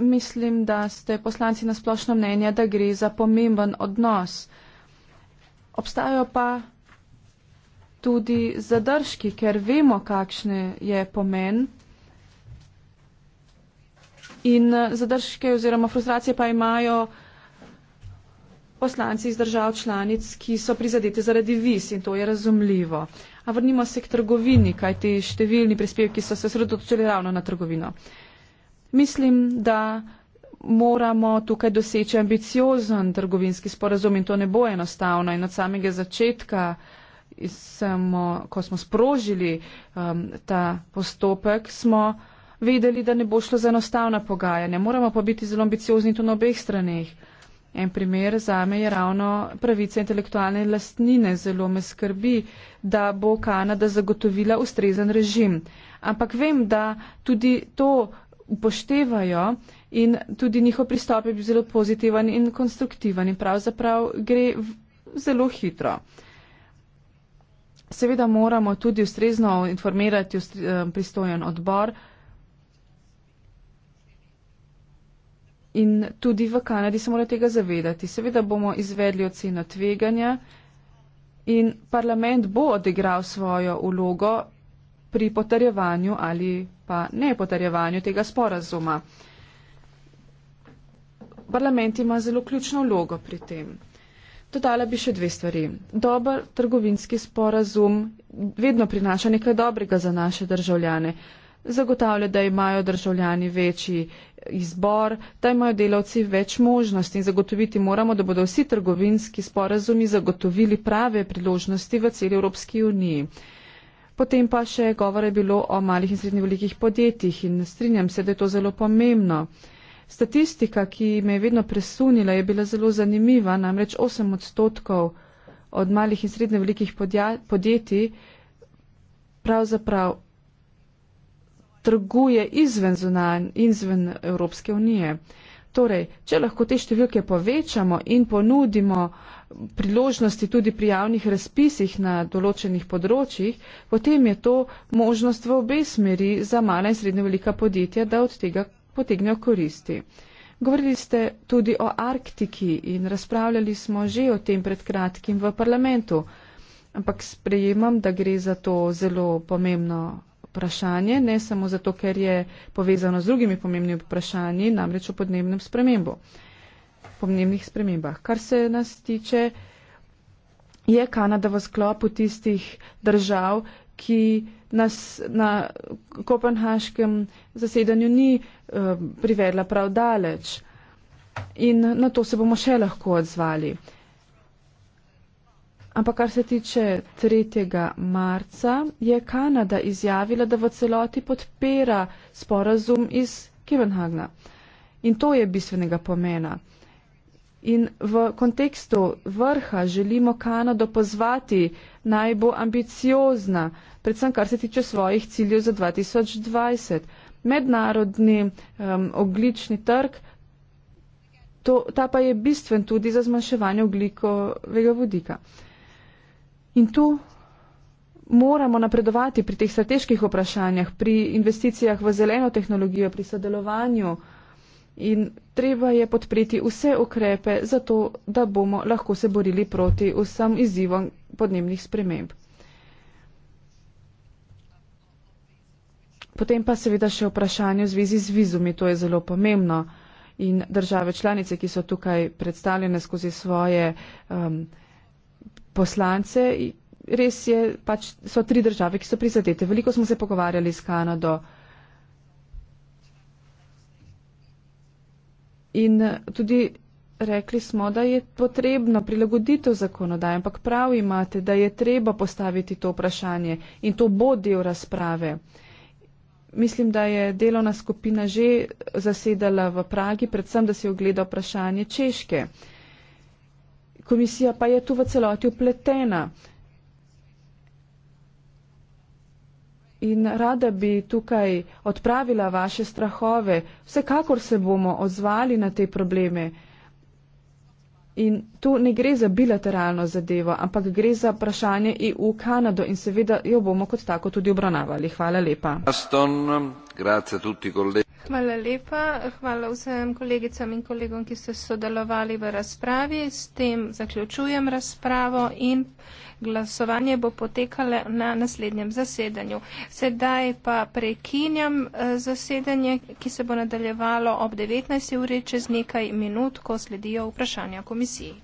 Mislim, da ste poslanci na splošno mnenje, da gre za pomemben odnos. Obstajajo pa tudi zadržki, ker vemo, kakšne je pomen. In zadržke oziroma frustracije pa imajo poslanci iz držav članic, ki so prizadete zaradi vis in to je razumljivo. A vrnimo se k trgovini, kaj ti številni prispevki so se sredotočili ravno na trgovino. Mislim, da moramo tukaj doseči ambiciozen trgovinski sporazum in to ne bo enostavno. In od samega začetka, smo, ko smo sprožili um, ta postopek, smo vedeli, da ne bo šlo za enostavna pogajanja. Moramo pa biti zelo ambiciozni tudi na obeh straneh. En primer za me je ravno pravice intelektualne lastnine. Zelo me skrbi, da bo Kanada zagotovila ustrezen režim. Ampak vem, da tudi to upoštevajo in tudi njihov pristop je bil zelo pozitiven in konstruktiven in pravzaprav gre zelo hitro. Seveda moramo tudi ustrezno informirati ustre, eh, pristojen odbor, in tudi v Kanadi se mora tega zavedati. Seveda bomo izvedli oceno tveganja in parlament bo odigral svojo ulogo pri potrjevanju ali pa ne potrjevanju tega sporazuma. Parlament ima zelo ključno vlogo pri tem. Dodala bi še dve stvari. Dober trgovinski sporazum vedno prinaša nekaj dobrega za naše državljane. Zagotavlja, da imajo državljani večji izbor, da imajo delavci več možnosti in zagotoviti moramo, da bodo vsi trgovinski sporazumi zagotovili prave priložnosti v celi Evropski uniji. Potem pa še govore je bilo o malih in srednjih velikih podjetjih in strinjam se, da je to zelo pomembno. Statistika, ki me je vedno presunila, je bila zelo zanimiva, namreč 8 odstotkov od malih in srednjih velikih podjetij pravzaprav trguje izven, zunan, izven Evropske unije. Torej, če lahko te številke povečamo in ponudimo priložnosti tudi pri javnih razpisih na določenih področjih, potem je to možnost v obe smeri za mala in srednje velika podjetja, da od tega potegnejo koristi. Govorili ste tudi o Arktiki in razpravljali smo že o tem pred kratkim v parlamentu, ampak sprejemam, da gre za to zelo pomembno vprašanje, ne samo zato, ker je povezano z drugimi pomembnimi vprašanji, namreč o podnebnem spremembu, pomembnih spremembah. Kar se nas tiče, je Kanada v sklopu tistih držav, ki nas na kopenhaškem zasedanju ni uh, privedla prav daleč. In na to se bomo še lahko odzvali. Ampak kar se tiče 3. marca, je Kanada izjavila, da v celoti podpira sporazum iz Kevenhagna. In to je bistvenega pomena. In v kontekstu vrha želimo Kanado pozvati naj bo ambiciozna, predvsem kar se tiče svojih ciljev za 2020. Mednarodni um, oglični trg, to, ta pa je bistven tudi za zmanjševanje oglikovega vodika. In tu moramo napredovati pri teh strateških vprašanjah, pri investicijah v zeleno tehnologijo, pri sodelovanju. In treba je podpreti vse ukrepe za to, da bomo lahko se borili proti vsem izzivom podnebnih sprememb. Potem pa seveda še vprašanje v zvezi z vizumi, to je zelo pomembno. In države članice, ki so tukaj predstavljene skozi svoje. Um, poslance. Res je, pač so tri države, ki so prizadete. Veliko smo se pogovarjali s Kanado. In eh, tudi rekli smo, da je potrebno prilagoditev zakonodaje, ampak prav imate, da je treba postaviti to vprašanje in to bo del razprave. Mislim, da je delovna skupina že zasedala v Pragi, predvsem, da si ogleda vprašanje Češke. Uh, komisija pa je tu v celoti upletena. In rada bi tukaj odpravila vaše strahove. Vsekakor se bomo odzvali na te probleme. In tu ne gre za bilateralno zadevo, ampak gre za vprašanje EU Kanado in seveda jo bomo kot tako tudi obravnavali. Hvala lepa. Hvala lepa. Hvala vsem kolegicam in kolegom, ki ste sodelovali v razpravi. S tem zaključujem razpravo in Glasovanje bo potekalo na naslednjem zasedanju. Sedaj pa prekinjam eh, zasedanje, ki se bo nadaljevalo ob 19. uri čez nekaj minut, ko sledijo vprašanja komisiji.